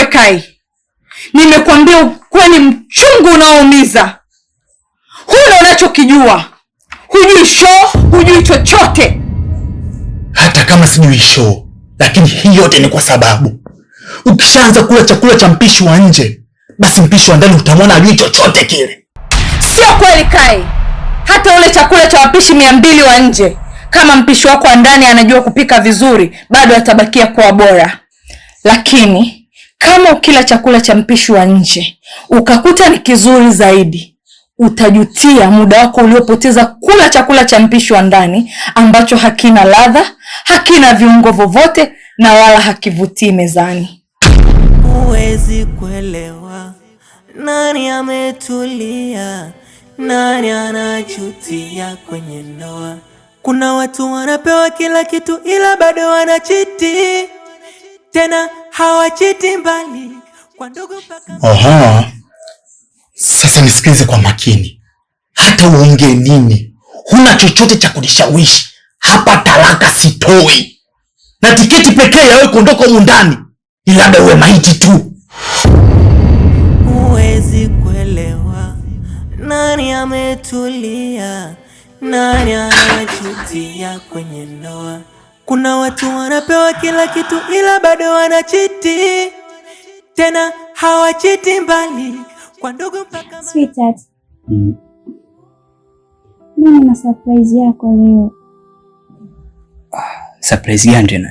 wewe Kai, nimekwambia ukweli mchungu unaoumiza. Huna unachokijua, hujui show, hujui chochote. Hata kama sijui show, lakini hii yote ni kwa sababu ukishaanza kula chakula cha mpishi wa nje, basi mpishi wa ndani utamwona ajui chochote kile. Sio kweli Kai, hata ule chakula cha wapishi mia mbili wa nje kama mpishi wako wa ndani anajua kupika vizuri, bado atabakia kuwa bora, lakini kama ukila chakula cha mpishi wa nje ukakuta ni kizuri zaidi, utajutia muda wako uliopoteza kula chakula cha mpishi wa ndani ambacho hakina ladha, hakina viungo vyovyote na wala hakivutii mezani. Huwezi kuelewa nani ametulia, nani anachutia kwenye ndoa. Kuna watu wanapewa kila kitu, ila bado wanachiti tena hawachiti mbali kwa ndogo mpaka. Aha, sasa nisikilize kwa makini, hata uongee nini, huna chochote cha kunishawishi hapa. Talaka sitoi, na tiketi pekee yawe kuondoka humu ndani ni labda uwe maiti tu. Huwezi kuelewa nani ametulia, nani anachutia kwenye ndoa kuna watu wanapewa kila kitu ila bado wanachiti, tena hawachiti mbali kwa ndugu mpaka sweetheart. Mm. Mimi na surprise yako leo. Ah, surprise gani tena?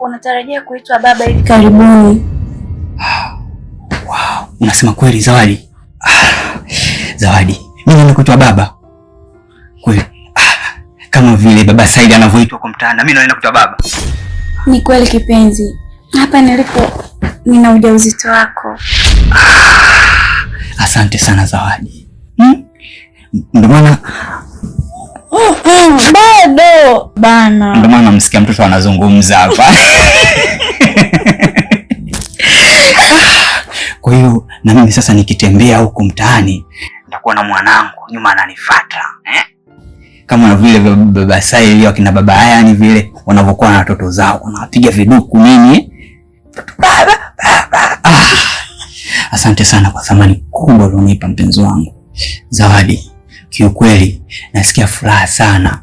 Unatarajia kuitwa baba hivi karibuni? Ah, wow, unasema kweli Zawadi. Ah, Zawadi, mimi nakuitwa baba kama vile baba Said anavyoitwa kwa mtaani, na mimi naenda kutoa baba. Ni kweli kipenzi, hapa nilipo nina ujauzito wako. Ah, asante sana Zawadi. Hmm? Ndio maana oh, oh, bado bana, ndio maana namsikia mtoto anazungumza hapa Kwa hiyo na mimi sasa nikitembea huko mtaani nitakuwa na mwanangu nyuma ananifuata eh? kama vile baba sai Saili akina baba haya, ni vile wanavyokuwa na watoto zao, wanawapiga viduku nini. baba ah, Asante sana kwa thamani kubwa ulionipa mpenzi wangu Zawadi. Kiukweli nasikia furaha sana,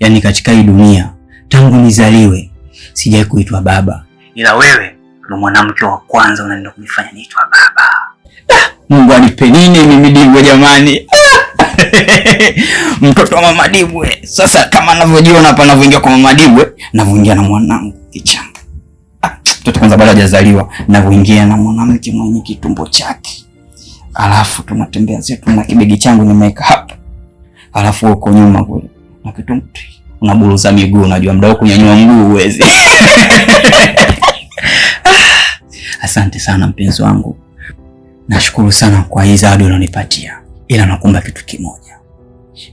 yaani katika hii dunia tangu nizaliwe sijai kuitwa baba, ila wewe ndo mwanamke wa kwanza unaenda kunifanya niitwa baba. Ah, Mungu anipe nini mimi dingo jamani! Ah, mtoto wa Mama Dibwe. Sasa kama anavyojiona hapa, anavyoingia kwa Mama Dibwe, navyoingia na mwanangu kichanga. Ah, mtoto kwanza bado hajazaliwa, navyoingia na mwanamke mwenye kitumbo chake, alafu tunatembea zetu na kibegi changu nimeweka hapa, alafu huko nyuma kule na kitumbo unaburuza miguu, unajua mdao kunyanyua mguu uweze. Ah, asante sana mpenzi wangu, nashukuru sana kwa hii zawadi ulionipatia ila nakuomba kitu kimoja,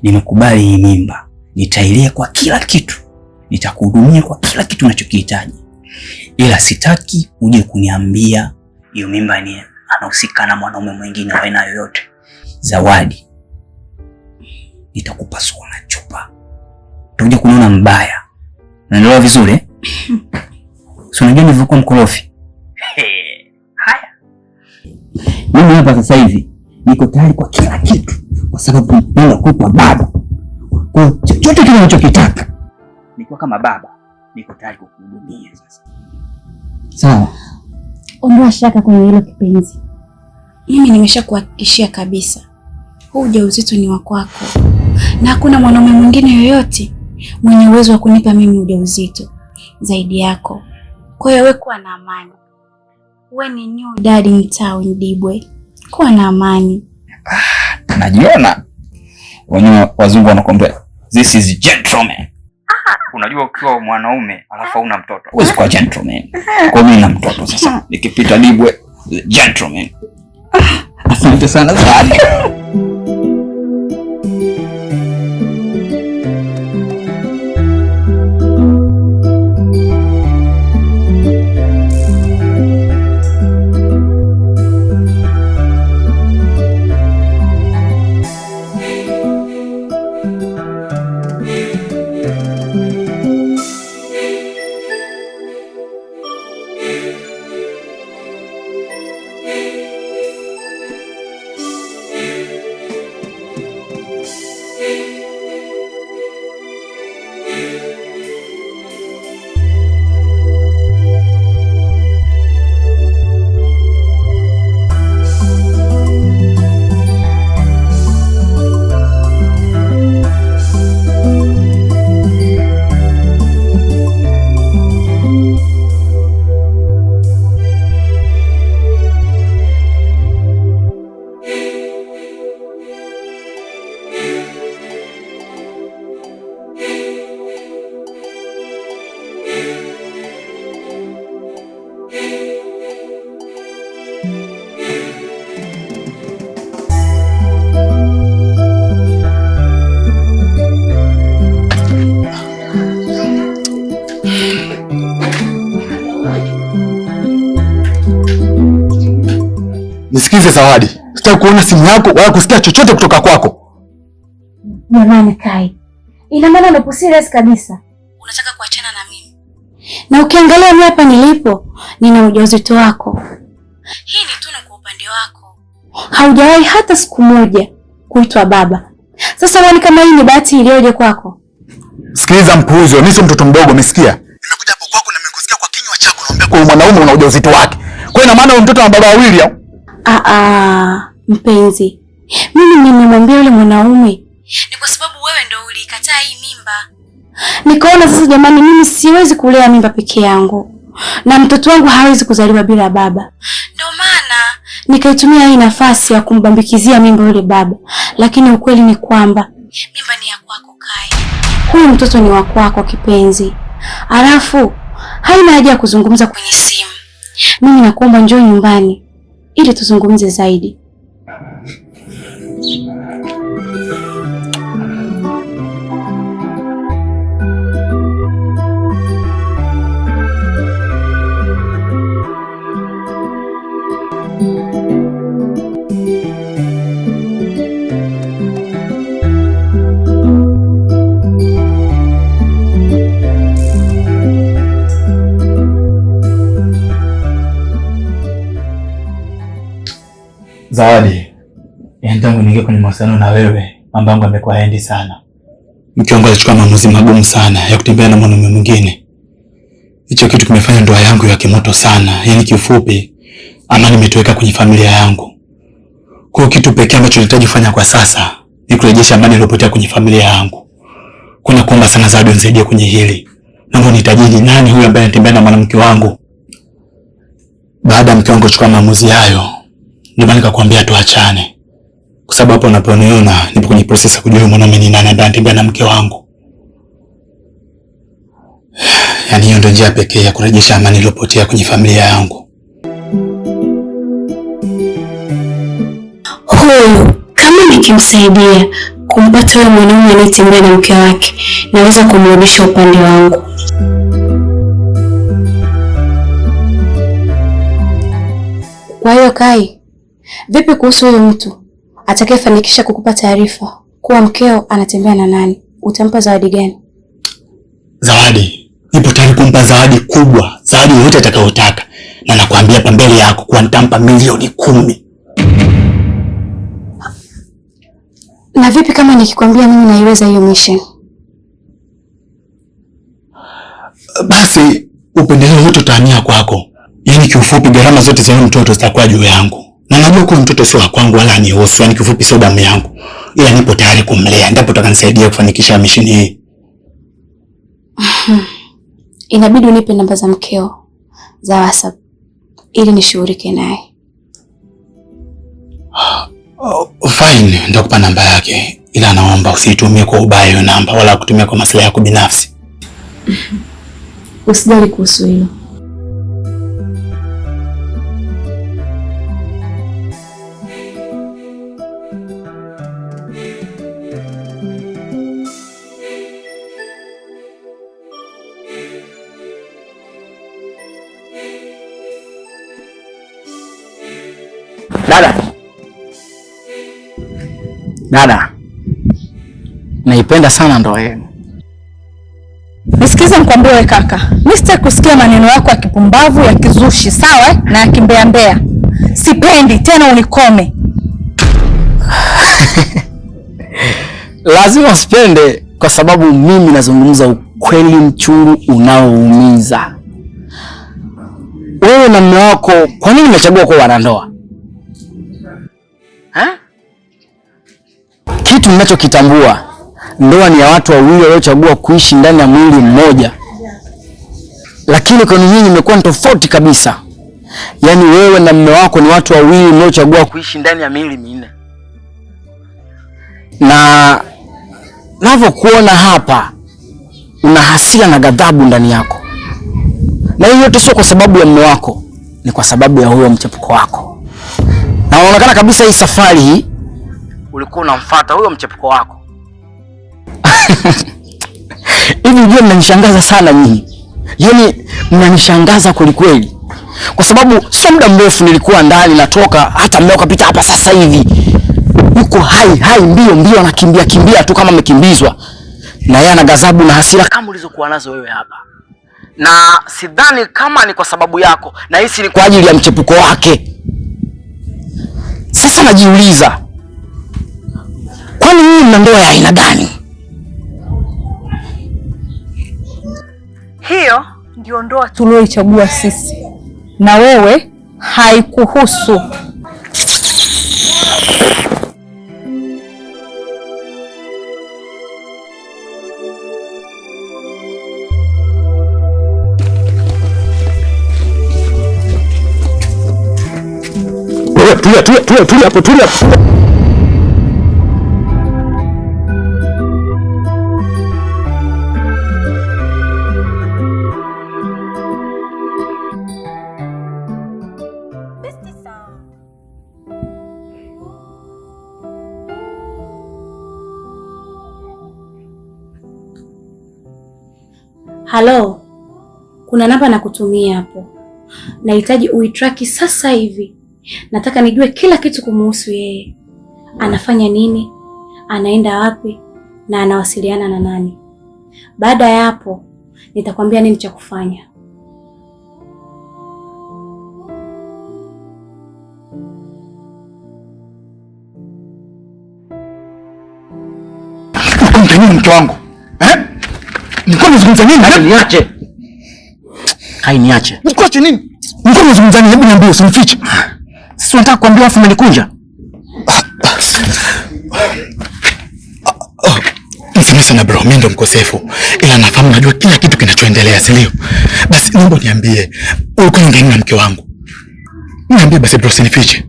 nimekubali hii mimba, nitailia kwa kila kitu, nitakuhudumia kwa kila kitu unachokihitaji, ila sitaki uje kuniambia hiyo mimba ni anahusika na mwanaume mwingine wa aina yoyote. Zawadi, nitakupasua na chupa, utakuja kuniona mbaya. Unaelewa vizuri eh? si unajua nilivyokuwa mkorofi. Haya, mimi hapa sasa hivi niko tayari kwa kila kitu, kwa sababu ninakupa baba. Kwa chochote kile unachokitaka nikiwa kama baba, niko tayari kukuhudumia. Sasa sawa, ondoa shaka kwenye hilo kipenzi. Mimi nimeshakuhakikishia kabisa, huu ujauzito ni wa kwako, na hakuna mwanaume mwingine yoyote mwenye uwezo wa kunipa mimi ujauzito zaidi yako. Kwa hiyo wewe kuwa na amani, we ni new daddy mtaa Ndibwe kuwa na amani. Ah, najiona wenyewe wazungu wanakuambia this is gentleman. Unajua ukiwa mwanaume alafu una mtoto huwezi kuwa gentleman. Kwa mimi na mtoto sasa, nikipita Libwe gentleman. Ah. Asante sana sana. Zawadi, sitaki kuona simu yako wala kusikia chochote kutoka kwako. Jamani Kai, ina maana unapo serious kabisa unataka kuachana na mimi? Na ukiangalia mimi hapa nilipo, nina ujauzito wako. Hii ni tunu kwa upande wako, haujawahi hata siku moja kuitwa baba. Sasa uone kama hii ni bahati iliyoje kwako. Sikiliza mpuuzi, mimi si mtoto mdogo, umesikia? Nimekuja hapo kwako na nimekusikia kwa kinywa chako, naomba kwa mwanaume una ujauzito wake. Kwa hiyo ina maana wewe mtoto wa baba wawili au Aa, ah, ah, mpenzi, mimi nimemwambia yule mwanaume ni kwa sababu wewe ndo ulikataa hii mimba. Nikaona sasa, jamani, mimi siwezi kulea mimba peke yangu na mtoto wangu hawezi kuzaliwa bila baba, ndio maana nikaitumia hii nafasi ya kumbambikizia mimba yule baba. Lakini ukweli ni kwamba mimba ni ya kwako Kai, huyu mtoto ni wa kwako kipenzi, alafu haina haja ya kuzungumza kwenye simu. Mimi nakuomba njoo nyumbani ili tuzungumze zaidi. Zawadi, yaani tangu niingia kwenye mahusiano na wewe, mambo yangu yamekuwa haendi sana. Mke wangu alichukua maamuzi magumu sana ya kutembea na mwanaume mwingine. Hicho kitu kimefanya ndoa yangu ya kimoto sana, yaani kiufupi, amani imetoweka kwenye familia yangu. Kwa hiyo kitu pekee ambacho nahitaji kufanya kwa sasa ni kurejesha amani iliyopotea kwenye familia yangu. Kuna kuomba sana Zawadi unisaidie kwenye hili. Naomba nitajiji nani huyu ambaye anatembea na mwanamke wangu. Baada ya mke wangu kuchukua maamuzi hayo, ndio maana nikakwambia tuachane, kwa sababu hapo unaponiona nipo kwenye process ya kujua mwanaume ni nani ambaye anatembea na mke wangu. Yaani hiyo ndio njia pekee ya kurejesha amani iliyopotea kwenye familia yangu. Huyu kama nikimsaidia kumpata huyo mwanaume anayetembea na mke wake, naweza kumrudisha upande wangu. Kwa hiyo Kai Vipi kuhusu huyo mtu atakayefanikisha kukupa taarifa kuwa mkeo anatembea na nani? Utampa zawadi gani? Zawadi? Nipo tayari kumpa zawadi kubwa, zawadi yoyote atakayotaka, na nakwambia hapa mbele yako kuwa nitampa milioni kumi. Na vipi kama nikikwambia mimi naiweza hiyo mission? Basi upendeleo wote utahamia kwako, yaani kiufupi, gharama zote za mtoto zitakuwa juu yangu. Na najua kuwa mtoto sio wa kwangu wala ni hofu, yani kifupi sio damu yangu. Ila nipo tayari kumlea, ndipo utakanisaidia kufanikisha mission hii. Inabidi unipe namba za mkeo za WhatsApp ili nishughulike naye. Oh, fine, nitakupa namba yake, ila naomba usiitumie kwa ubaya hiyo namba, wala kutumia kwa maslahi yako binafsi. Usijali kuhusu hilo. Dada, dada, naipenda sana ndoa yenu. Nisikize nikwambie, we kaka, mi sitaki kusikia maneno yako ya kipumbavu ya kizushi, sawa na ya mbea. Sipendi tena, unikome lazima usipende kwa sababu mimi nazungumza ukweli mchungu unaoumiza. Wewe na mume wako, kwa nini mmechagua kuwa wanandoa? Kitu ninachokitambua, ndoa ni ya watu wawili waliochagua kuishi ndani ya mwili mmoja, lakini kwenu nyinyi imekuwa ni tofauti kabisa. Yaani wewe na mume wako ni watu wawili mliochagua kuishi ndani ya miili minne, na navyokuona hapa una hasira na ghadhabu ndani yako, na hiyo yote sio kwa sababu ya mume wako, ni kwa sababu ya huyo mchepuko wako, na unaonekana kabisa hii safari hii ulikuwa unamfuata huyo mchepuko wako hivi. ndio mnanishangaza sana nyinyi, yaani mnanishangaza kwelikweli, kwa sababu sio muda mrefu nilikuwa ndani natoka, hata muda ukapita hapa sasa hivi yuko hai hai, mbio mbio, anakimbia kimbia tu kama amekimbizwa, na yeye ana ghadhabu na hasira kama ulizokuwa nazo wewe hapa, na sidhani kama ni kwa sababu yako, na hisi ni kwa ajili ya mchepuko wake. Sasa najiuliza Kwani hii mna ndoa ya aina gani? Hiyo ndio ndoa tulioichagua sisi, na wewe haikuhusu. Tulia, tulia, tulia, tulia hapo, tulia. Halo, kuna namba na kutumia hapo, nahitaji uitraki sasa hivi. Nataka nijue kila kitu kumuhusu yeye, anafanya nini, anaenda wapi na anawasiliana na nani. Baada ya hapo, nitakwambia nini cha kufanya. Mtu wangu eh? Nilikuwa nazungumza nini? niache. Hai niache. Nikuache nini? Nilikuwa nini? Hebu niambie kuambia afu umenikunja. sana bro, mimi ndo mkosefu. Ila nafahamu najua kila kitu kinachoendelea, si ndio? Basi naomba niambie, ulikuwa na mke wangu. Niambie basi bro, usinifiche.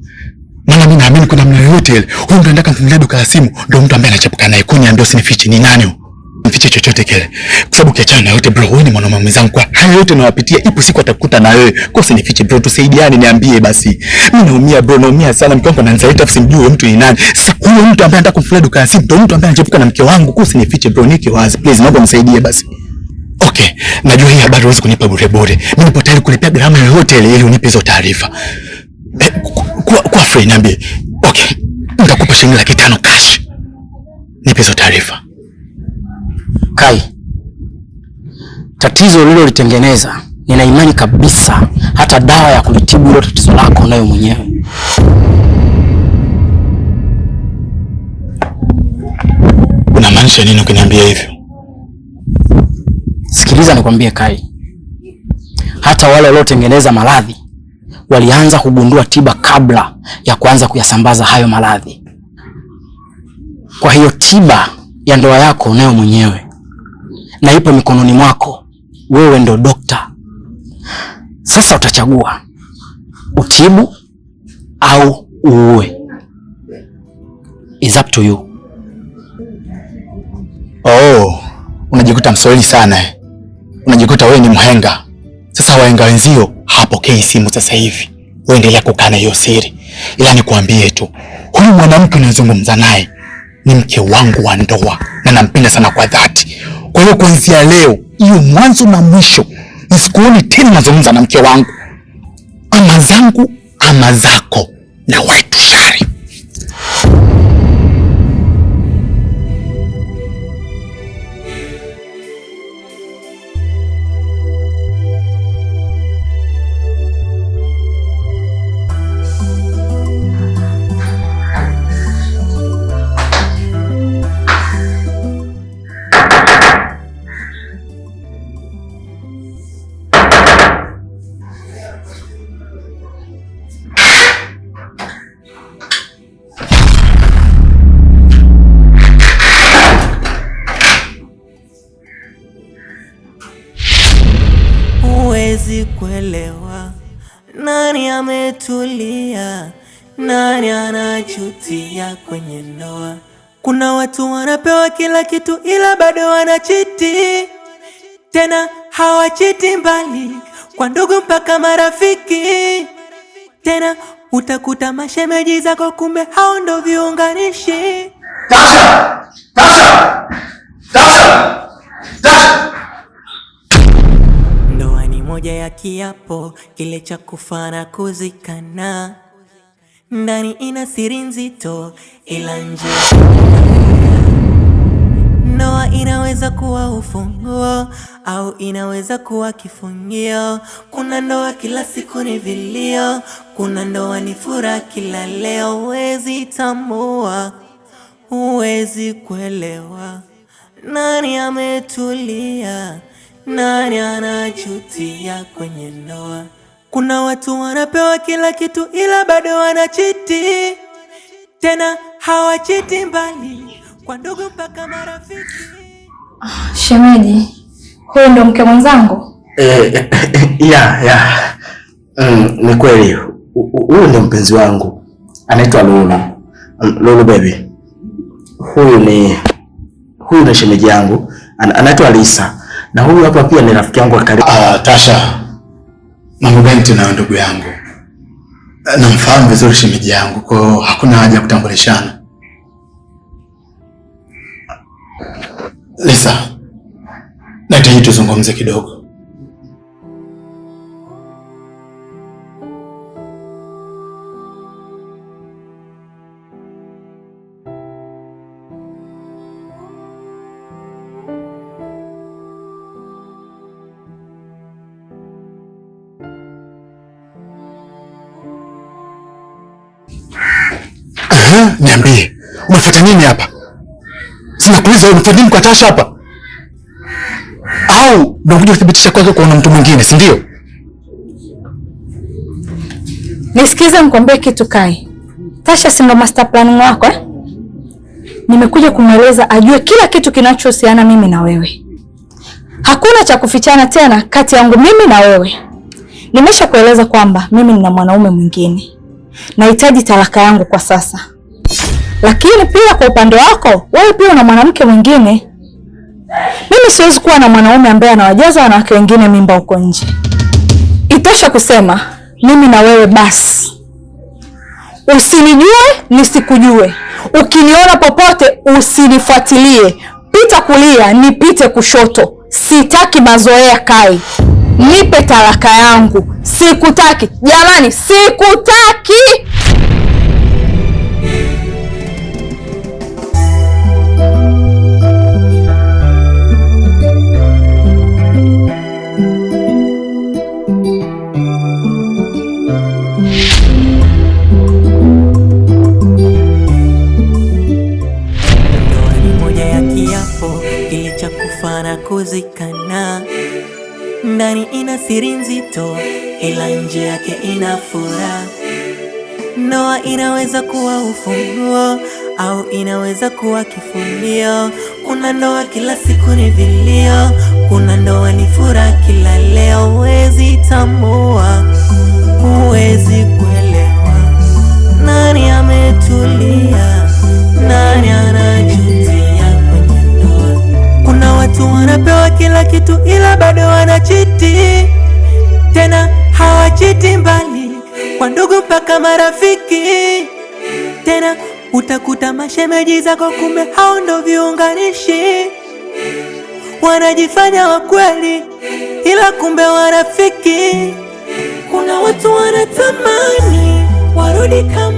Maana mimi naamini kuna ile. Huyu ndo anataka kumlea duka la simu, ndo mtu ambaye anachepuka naye. Kuniambia usinifiche, ni nani huyo? Mfiche chochote kile, kwa sababu ukiachana na yote bro, wewe ni mwanaume mwenzangu, kwa haya yote nawapitia, ipo siku atakukuta na wewe. Kwa usinifiche bro, tusaidiane, niambie basi. Mimi naumia bro, naumia sana, mke wangu ananizalita, simjui mtu ni nani, sikuyo mtu ambaye anataka kumfulia duka simu, ndio mtu ambaye anachepuka na mke wangu. Kwa usinifiche bro, niki wazi, please naomba unisaidie basi. Okay, najua hii habari huwezi kunipa bure bure, mimi nipo tayari kulipia gharama yoyote ile ili unipe hizo taarifa. Eh, kwa kwa free niambie. Okay, nitakupa shilingi laki tano cash, nipe hizo taarifa. Kai, tatizo ulilolitengeneza nina imani kabisa hata dawa ya kulitibu hilo tatizo lako nayo mwenyewe. Unamaanisha nini ukiniambia hivyo? Sikiliza nikwambie Kai, hata wale waliotengeneza maradhi walianza kugundua tiba kabla ya kuanza kuyasambaza hayo maradhi. Kwa hiyo tiba ya ndoa yako nayo mwenyewe na ipo mikononi mwako. Wewe ndo dokta sasa, utachagua utibu au uue. Is up to you. Oh, unajikuta msoeli sana eh. Unajikuta wewe ni mhenga. Sasa wahenga wenzio hapokei simu sasa hivi, uendelea kukaa na hiyo siri, ila nikuambie tu, huyu mwanamke unazungumza naye ni mke wangu wa ndoa na nampenda sana kwa dhati. Kwa hiyo kuanzia leo, hiyo mwanzo na mwisho, nisikuoni tena nazungumza na mke wangu, ama zangu ama zako na wewe siwezi kuelewa, nani ametulia, nani anachutia kwenye ndoa? Kuna watu wanapewa kila kitu, ila bado wanachiti, tena hawachiti mbali kwa ndugu mpaka marafiki, tena utakuta mashemeji zako, kumbe hao ndo viunganishi. Tasha, Tasha, Tasha, Tasha moja ya kiapo kile cha kufa na kuzikana, ndani ina siri nzito, ila nje ndoa inaweza kuwa ufunguo au inaweza kuwa kifungio. Kuna ndoa kila siku ni vilio, kuna ndoa ni furaha kila leo. Huwezi tambua, huwezi kuelewa nani ametulia nani anachutia kwenye ndoa? Kuna watu wanapewa kila kitu ila bado wanachiti, tena hawachiti mbali kwa ndugu mpaka marafiki. Ah, shemeji, huyu ndo mke mwenzangu eh? ya ya, mm, ni kweli huyu ndo mpenzi wangu, anaitwa Lulu. Lulu baby, huyu ni huyu ni shemeji yangu, anaitwa Lisa na huyu hapa pia ni rafiki yangu wa karibu. Ah, Tasha, mambo gani tunayo ndugu yangu? Eh, namfahamu vizuri shemeji yangu, kwa hiyo hakuna haja ya kutambulishana. Lisa, nahitaji tuzungumze kidogo. Niambie, unafuata nini hapa? Sinakuuliza wewe mtendii mkatasha hapa, au ndio kuthibitisha kwake kwa mtu mwingine, si ndio? Nisikize nikwambie kitu Kai. Tasha si ndo master plan wako eh? Nimekuja kumweleza ajue kila kitu kinachohusiana mimi na wewe. Hakuna cha kufichana tena kati yangu mimi na wewe. Nimeshakueleza kwamba mimi nina mwanaume mwingine. Nahitaji talaka yangu kwa sasa. Lakini pia kwa upande wako wewe pia una mwanamke mwingine. Mimi siwezi kuwa na mwanaume ambaye anawajaza wanawake wengine mimba huko nje. Itosha kusema mimi na wewe basi. Usinijue nisikujue. Ukiniona popote usinifuatilie. Pita kulia nipite kushoto. Sitaki mazoea kai. Nipe talaka yangu. Sikutaki jamani, sikutaki. kuwa ufunguo au inaweza kuwa kifulio. Kuna ndoa kila siku ni vilio, kuna ndoa ni furaha kila leo. Huwezi tambua, huwezi kuelewa, nani ametulia, nani anajutia kwenye ndoa. Kuna watu wanapewa kila kitu, ila bado wanachiti, tena hawachiti mbali, kwa ndugu mpaka marafiki tena utakuta mashemeji zako, kumbe hao ndo viunganishi, wanajifanya wa kweli, ila kumbe warafiki. Kuna watu wanatamani warudi kama